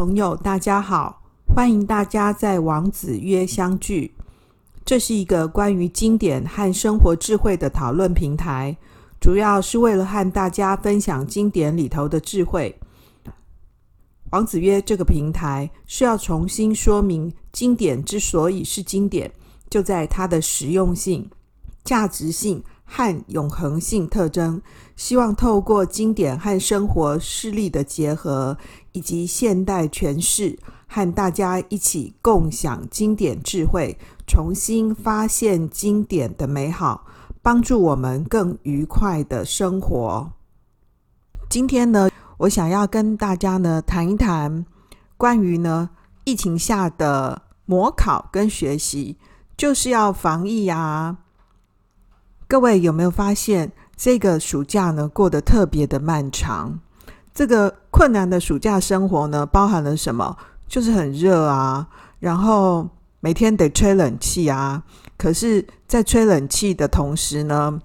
朋友，大家好！歡迎大家在王子曰相聚。這是一個關於經典和生活智慧的討論平台，主要是為了和大家分享經典裡頭的智慧。王子曰這個平台是要重新說明，經典之所以是經典，就在它的實用性、價值性。和永恆性特徵，希望透過經典和生活事例的結合，以及現代詮釋，和大家一起共享經典智慧，重新發現經典的美好，幫助我們更愉快的生活。今天呢，我想要跟大家呢談一談關於呢疫情下的魔考跟學習，就是要防疫呀，啊。各位有沒有發現，這個暑假呢過得特別的漫長？這個困難的暑假生活呢，包含了什麼？就是很熱啊，然後每天得吹冷氣啊。可是在吹冷氣的同時呢，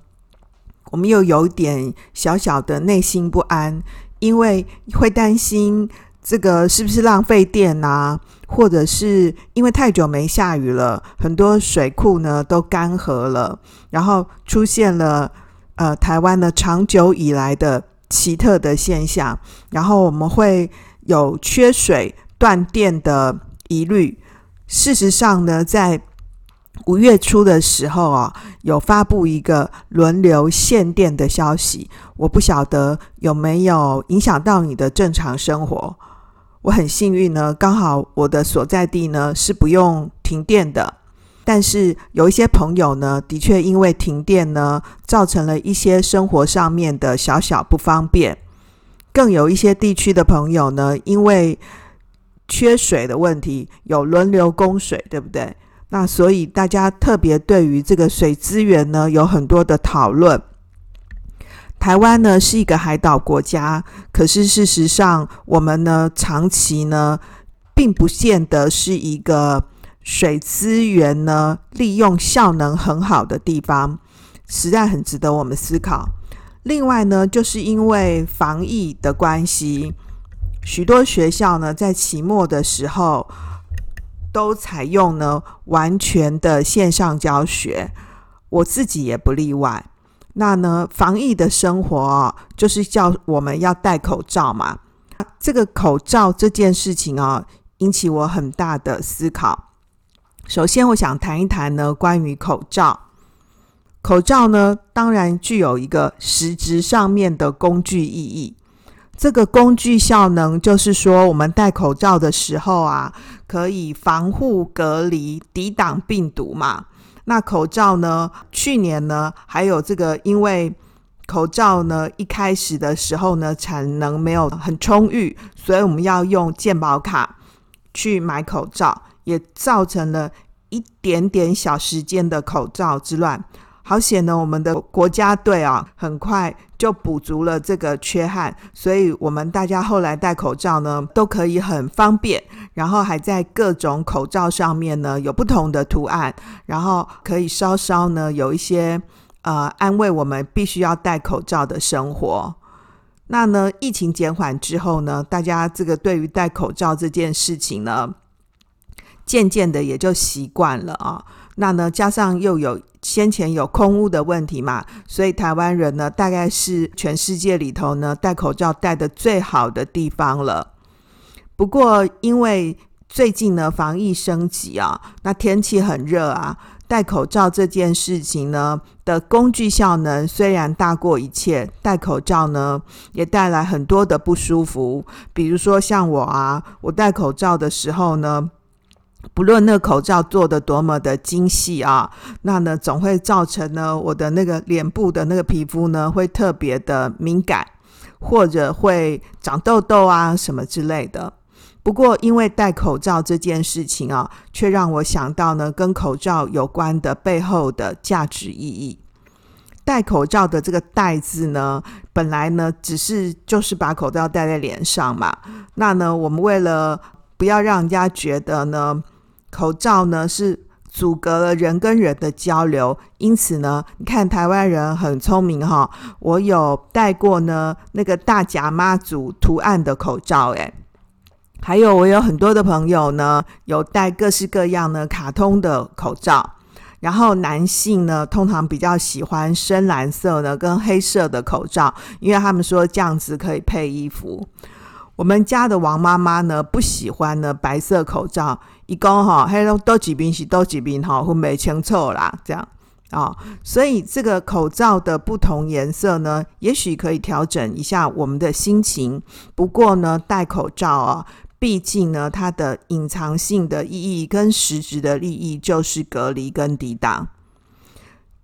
我們又有點小小的內心不安，因為會擔心。這個是不是浪費電啊？或者是因為太久沒下雨了，很多水庫呢都乾涸了，然後出現了呃台灣的長久以來的奇特的現象，然後我們會有缺水、斷電的疑慮。事實上呢，在五月初的時候啊，有發布一個輪流限電的消息，我不曉得有沒有影響到你的正常生活。我很幸運呢，剛好我的所在地呢是不用停電的，但是有一些朋友呢，的確因為停電呢，造成了一些生活上面的小小不方便。更有一些地區的朋友呢，因為缺水的問題，有輪流供水，對不對？那所以大家特別對於這個水資源呢，有很多的討論。台灣呢是一個海島國家，可是事實上，我們呢長期呢並不見得是一個水資源呢利用效能很好的地方，實在很值得我們思考。另外呢，就是因為防疫的關係，許多學校呢在期末的時候都採用呢完全的線上教學，我自己也不例外。那呢，防疫的生活，哦，就是叫我們要戴口罩嘛。這個口罩這件事情啊，哦，引起我很大的思考。首先，我想談一談呢，關於口罩。口罩呢，當然具有一個實質上面的工具意義。這個工具效能就是說，我們戴口罩的時候啊，可以防護、隔離、抵擋病毒嘛。那口罩呢，去年呢，還有這個，因為口罩呢，一開始的時候呢，產能沒有很充裕，所以我們要用健保卡去買口罩，也造成了一點點小時間的口罩之亂。好險呢，我們的國家隊啊，很快。就補足了這個缺憾，所以我們大家後來戴口罩呢，都可以很方便。然後還在各種口罩上面呢，有不同的圖案，然後可以稍稍呢有一些呃安慰我們必須要戴口罩的生活。那呢，疫情減緩之後呢，大家這個對於戴口罩這件事情呢，漸漸的也就習慣了啊、哦。那呢，加上又有先前有空污的問題嘛，所以台灣人呢，大概是全世界裡頭呢戴口罩戴得最好的地方了。不過，因為最近呢防疫升級啊，那天氣很熱啊，戴口罩這件事情呢的工具效能雖然大過一切，戴口罩呢也帶來很多的不舒服，比如說像我啊，我戴口罩的時候呢。不論那個口罩做的多麼的精細啊，那呢總會造成呢我的那個臉部的那個皮膚呢會特別的敏感，或者會長痘痘啊什麼之類的。不過因為戴口罩這件事情啊，卻讓我想到呢跟口罩有關的背後的價值意義。戴口罩的這個“戴”字呢，本來呢只是就是把口罩戴在臉上嘛。那呢我們為了不要讓人家覺得呢。口罩呢是阻隔了人跟人的交流。因此呢，你看台灣人很聰明哈、哦，我有戴過呢那個大甲媽祖圖案的口罩，哎，還有我有很多的朋友呢有戴各式各樣的卡通的口罩，然後男性呢通常比較喜歡深藍色的跟黑色的口罩，因為他們說這樣子可以配衣服。我們家的王媽媽呢不喜歡呢白色口罩。說一講哈，還多幾邊是多幾邊哈，分沒清楚啦，這樣、哦、所以這個口罩的不同顏色呢，也許可以調整一下我們的心情。不過呢，戴口罩啊、哦，畢竟呢，它的隱藏性的意義跟實質的利益就是隔離跟抵擋。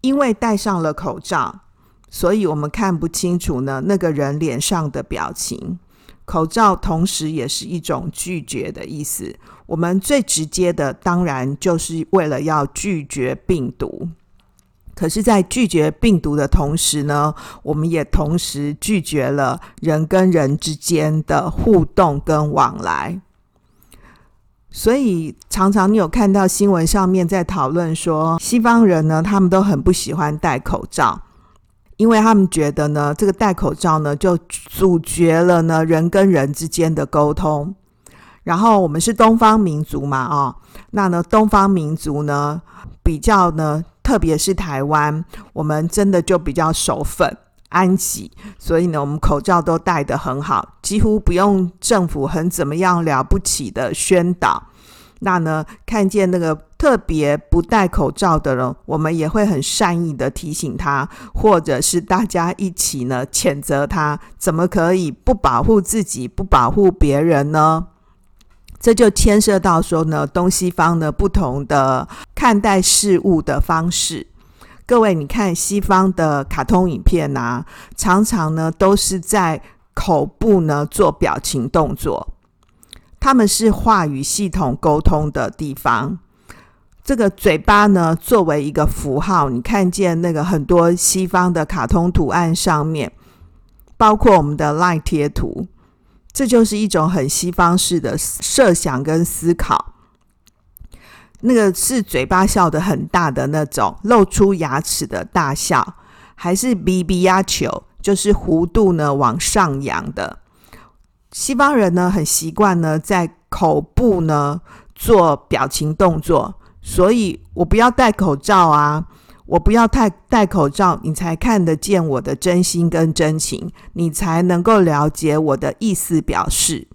因為戴上了口罩，所以我們看不清楚呢那個人臉上的表情。口罩同時也是一種拒絕的意思。我們最直接的，當然就是為了要拒絕病毒。可是，在拒絕病毒的同時呢，我們也同時拒絕了人跟人之間的互動跟往來。所以，常常你有看到新聞上面在討論說，西方人呢，他們都很不喜歡戴口罩，因為他們覺得呢，這個戴口罩呢，就阻絕了呢人跟人之間的溝通。然後我們是東方民族嘛，哦，那呢，東方民族呢比較呢，特別是台灣，我們真的就比較守份安己，所以呢，我們口罩都戴得很好，幾乎不用政府很怎麼樣了不起的宣導。那呢，看見那個特別不戴口罩的人，我們也會很善意的提醒他，或者是大家一起呢譴責他，怎麼可以不保護自己、不保護別人呢？這就牽涉到說呢，東西方呢不同的看待事物的方式。各位，你看西方的卡通影片啊，常常呢都是在口部呢做表情動作，他們是話語系統溝通的地方。這個嘴巴呢作為一個符號，你看見那個很多西方的卡通圖案上面，包括我們的 LINE 貼圖。這就是一種很西方式的設想跟思考。那個是嘴巴笑得很大的那種，露出牙齒的大笑，還是 B B 壓球，就是弧度呢往上揚的。西方人呢很習慣呢在口部呢做表情動作，所以我不要戴口罩啊。我不要太戴口罩，你才看得見我的真心跟真情，你才能夠了解我的意思表示。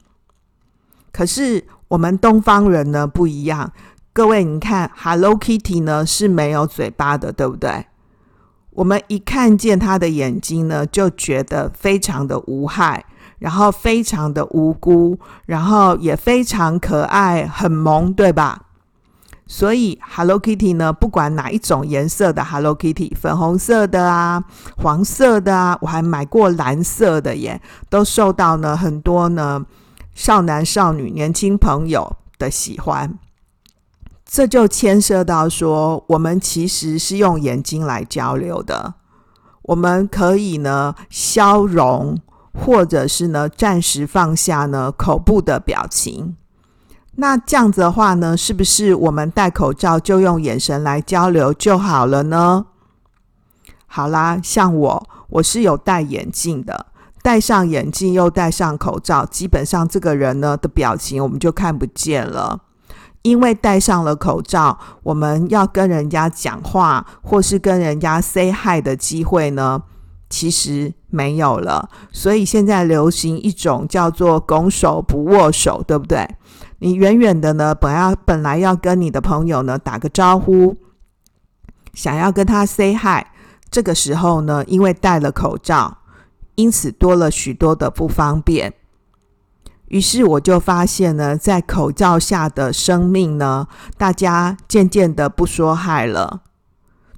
可是我們東方人呢不一樣，各位，你看 Hello Kitty 呢是沒有嘴巴的，對不對？我們一看見他的眼睛呢，就覺得非常的無害，然後非常的無辜，然後也非常可愛，很萌，對吧？所以 Hello Kitty 呢，不管哪一種顏色的 Hello Kitty，粉紅色的啊，黃色的啊，我還買過藍色的耶，都受到呢很多呢少男少女、年輕朋友的喜歡。這就牽涉到說，我們其實是用眼睛來交流的，我們可以呢消融，或者是呢暫時放下呢口部的表情。那這樣子的話呢，是不是我們戴口罩就用眼神來交流就好了呢？好啦，像我，我是有戴眼鏡的，戴上眼鏡又戴上口罩，基本上這個人呢的表情我們就看不見了，因為戴上了口罩，我們要跟人家講話或是跟人家 say hi 的機會呢，其實沒有了。所以現在流行一種叫做拱手不握手，對不對？你遠遠的呢，本要本來要跟你的朋友呢打個招呼，想要跟他 say hi，這個時候呢，因為戴了口罩，因此多了許多的不方便。於是我就發現呢，在口罩下的生命呢，大家漸漸的不說 hi 了，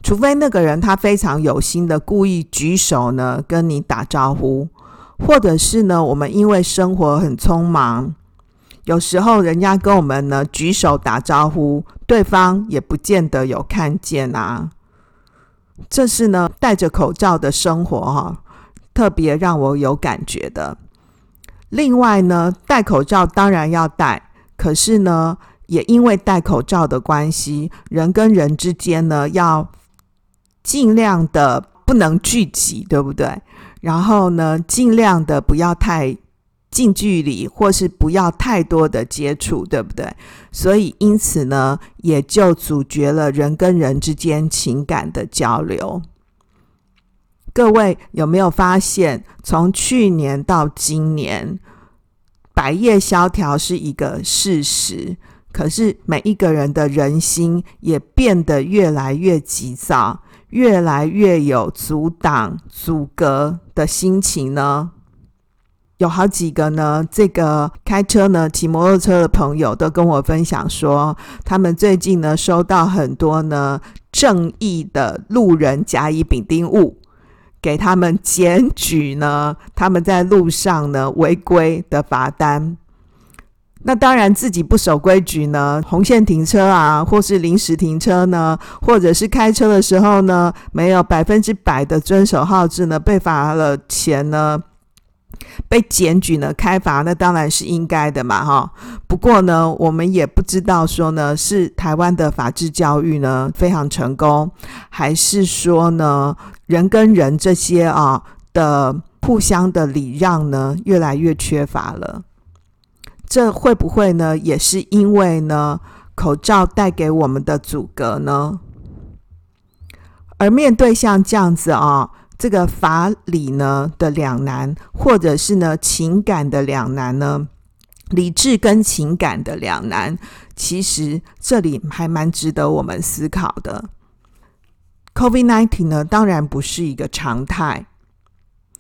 除非那個人他非常有心的故意舉手呢跟你打招呼，或者是呢，我們因為生活很匆忙。有時候人家跟我們呢舉手打招呼，對方也不見得有看見啊。這是呢戴着口罩的生活哈，特別讓我有感覺的。另外呢，戴口罩當然要戴，可是呢也因為戴口罩的關係，人跟人之間呢要盡量的不能聚集，對不對？然後呢盡量的不要太。近距離或是不要太多的接觸，對不對？所以因此呢，也就阻絕了人跟人之間情感的交流。各位有沒有發現，從去年到今年，百業蕭條是一個事實。可是每一個人的人心也變得越來越急躁，越來越有阻擋、阻隔的心情呢？有好幾個呢，這個開車呢、騎摩托車的朋友都跟我分享說，他們最近呢收到很多呢正義的路人甲、乙、丙、丁、戊，給他們檢舉呢他們在路上呢違規的罰單。那當然自己不守規矩呢，紅線停車啊，或是臨時停車呢，或者是開車的時候呢沒有百分之百的遵守號誌呢，被罰了錢呢。被檢舉呢，開罰那當然是應該的嘛，哦，哈。不過呢，我們也不知道說呢，是台灣的法治教育呢非常成功，還是說呢人跟人這些啊的互相的禮讓呢越來越缺乏了？這會不會呢也是因為呢口罩帶給我們的阻隔呢？而面對像這樣子啊。這個法理呢的兩難，或者是呢情感的兩難呢，理智跟情感的兩難，其實這裡還蠻值得我們思考的。COVID-19 呢，當然不是一個常態，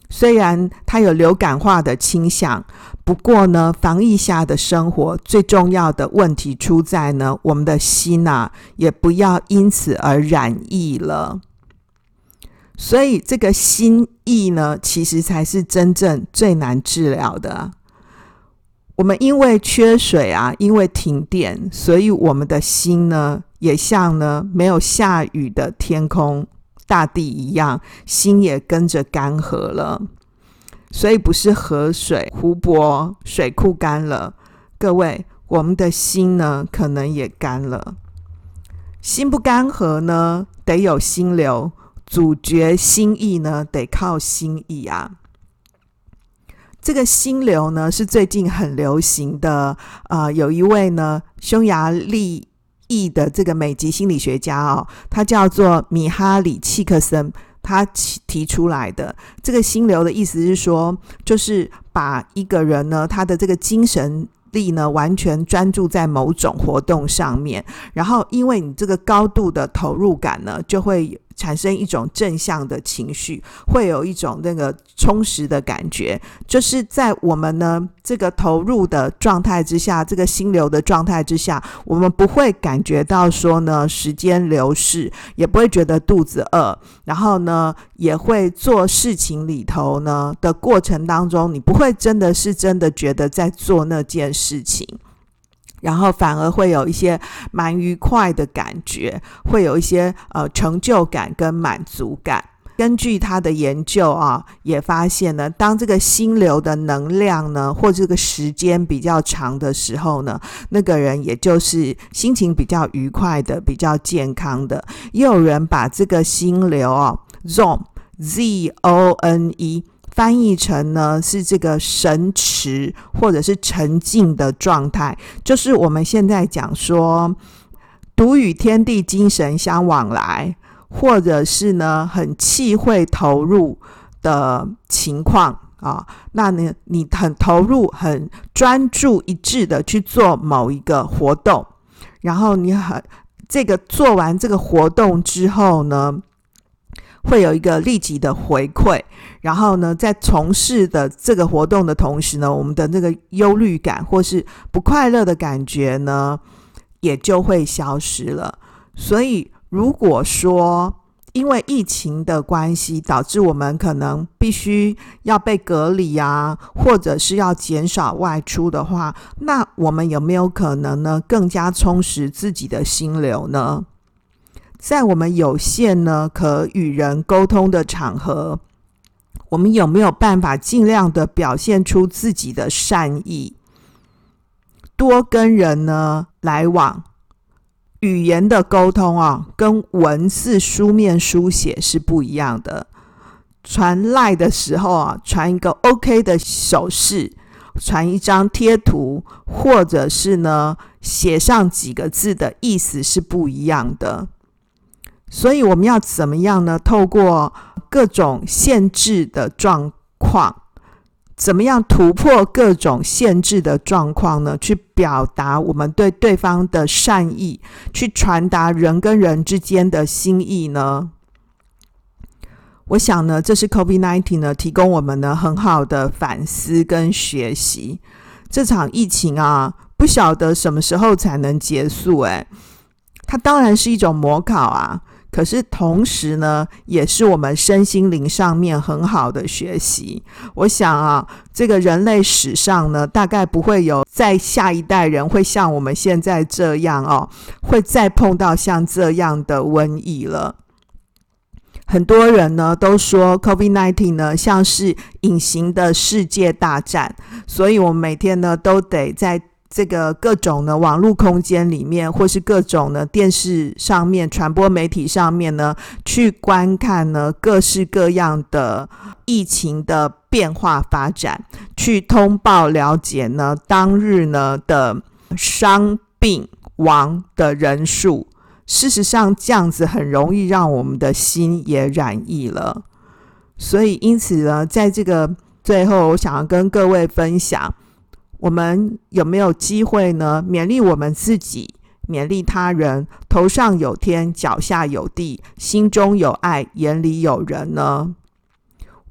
雖然它有流感化的傾向，不過呢，防疫下的生活最重要的問題出在呢，我們的心啊，也不要因此而染疫了。所以這個心疫呢，其實才是真正最難治療的。我們因為缺水啊，因為停電，所以我們的心呢，也像呢沒有下雨的天空、大地一樣，心也跟着乾涸了。所以不是河水、湖泊、水庫乾了，各位，我們的心呢，可能也乾了。心不乾涸呢，得有心流。阻絕心疫呢，得靠心意啊。這個心流呢，是最近很流行的。呃，有一位呢，匈牙利裔的這個美籍心理學家哦，他叫做米哈里契克森，他提出來的這個心流的意思是說，就是把一個人呢，他的這個精神力呢，完全專注在某種活動上面，然後因為你這個高度的投入感呢，就會。產生一種正向的情緒，會有一種那個充實的感覺，就是在我們呢，這個投入的狀態之下，這個心流的狀態之下，我們不會感覺到說呢時間流逝，也不會覺得肚子餓，然後呢也會做事情裡頭呢的過程當中，你不會真的是真的覺得在做那件事情。然後反而會有一些蠻愉快的感覺，會有一些呃成就感跟滿足感。根據他的研究啊，也發現呢，當這個心流的能量呢，或這個時間比較長的時候呢，那個人也就是心情比較愉快的，比較健康的。也有人把這個心流啊，zone，z o n e。翻譯成呢是這個神馳或者是沉浸的狀態，就是我們現在講說，獨與天地精神相往來，或者是呢很氣會投入的情況啊、哦。那你你很投入、很專注一致的去做某一個活動，然後你很這個做完這個活動之後呢，會有一個立即的回饋。然後呢，在從事的這個活動的同時呢，我們的那個憂慮感或是不快樂的感覺呢，也就會消失了。所以，如果說因為疫情的關係，導致我們可能必須要被隔離啊，或者是要減少外出的話，那我們有沒有可能呢，更加充實自己的心流呢？在我們有限呢，可與人溝通的場合，我們有沒有辦法盡量的表現出自己的善意？多跟人呢來往，語言的溝通啊，跟文字書面書寫是不一樣的。傳 LINE 的時候啊，傳一個 OK 的手勢，傳一張貼圖，或者是呢寫上幾個字的意思是不一樣的。所以我們要怎麼樣呢？透過各種限制的狀況，怎麼樣突破各種限制的狀況呢？去表達我們對對方的善意，去傳達人跟人之間的心意呢？我想呢，這是 COVID-19 呢提供我們呢很好的反思跟學習。這場疫情啊，不曉得什麼時候才能結束，欸。哎，它當然是一種魔考啊。可是同時呢，也是我們身心靈上面很好的學習。我想啊，這個人類史上呢，大概不會有再下一代人會像我們現在這樣哦，會再碰到像這樣的瘟疫了。很多人呢都說，COVID-19 呢像是隱形的世界大戰，所以我們每天呢都得在。這個各種的網絡空間裡面，或是各種的電視上面、傳播媒體上面呢，去觀看呢各式各樣的疫情的變化發展，去通報了解呢當日呢的傷病亡的人數。事實上，這樣子很容易讓我們的心也染疫了。所以，因此呢，在這個最後，我想要跟各位分享，我們有沒有機會呢？勉勵我們自己，勉勵他人。頭上有天，腳下有地，心中有愛，眼裡有人呢？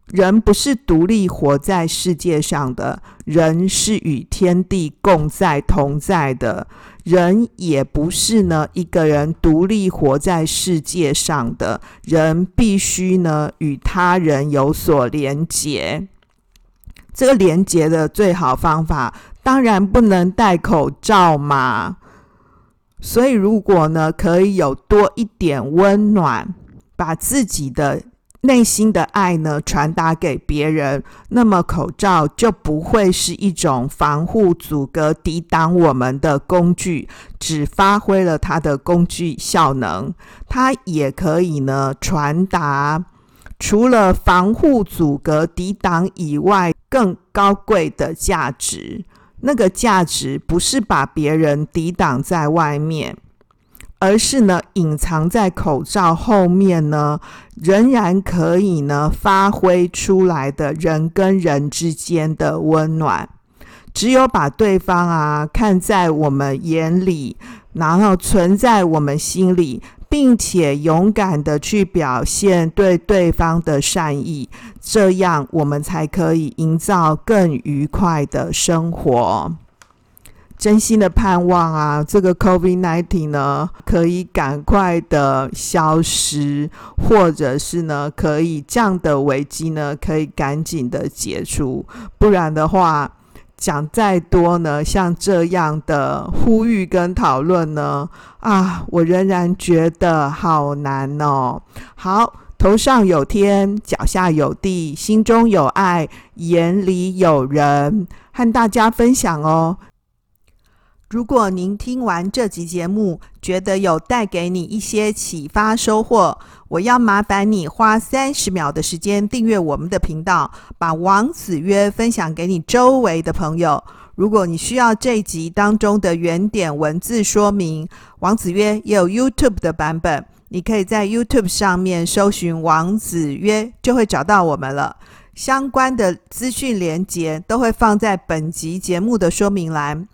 人不是獨立活在世界上的，人是與天地共在同在的。人也不是呢一個人獨立活在世界上的，人必須呢與他人有所連結。這個連接的最好方法，當然不能戴口罩嘛。所以，如果呢，可以有多一點溫暖，把自己的內心的愛呢傳達給別人，那麼口罩就不會是一種防護、阻隔、抵擋我們的工具，只發揮了它的工具效能。它也可以呢，傳達除了防護、阻隔、抵擋以外。更高貴的價值，那個價值不是把別人抵擋在外面，而是呢，隱藏在口罩後面呢，仍然可以呢，發揮出來的人跟人之間的溫暖。只有把對方啊看在我們眼裡，然後存在我們心裡。並且勇敢的去表現對對方的善意，這樣我們才可以營造更愉快的生活。真心的盼望啊，這個 COVID-19 呢，可以趕快的消失，或者是呢，可以這樣的危機呢，可以趕緊的解除，不然的話，講再多呢，像這樣的呼籲跟討論呢，啊，我仍然覺得好難哦。好，頭上有天，腳下有地，心中有愛，眼裡有人，和大家分享哦。如果您聽完這集節目，覺得有帶給你一些啟發收穫，我要麻煩你花三十秒的時間訂閱我們的頻道，把王子曰分享給你周圍的朋友。如果你需要這集當中的原點文字說明，王子曰也有 YouTube 的版本，你可以在 YouTube 上面搜尋王子曰，就會找到我們了。相關的資訊連結都會放在本集節目的說明欄。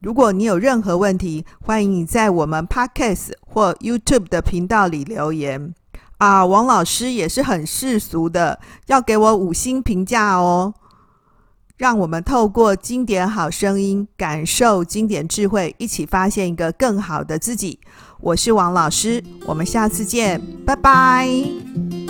如果你有任何問題，歡迎你在我們 Podcast 或 YouTube 的頻道裡留言。啊，王老師也是很世俗的，要給我五星評價哦！讓我們透過經典好聲音，感受經典智慧，一起發現一個更好的自己。我是王老師，我們下次見，拜拜。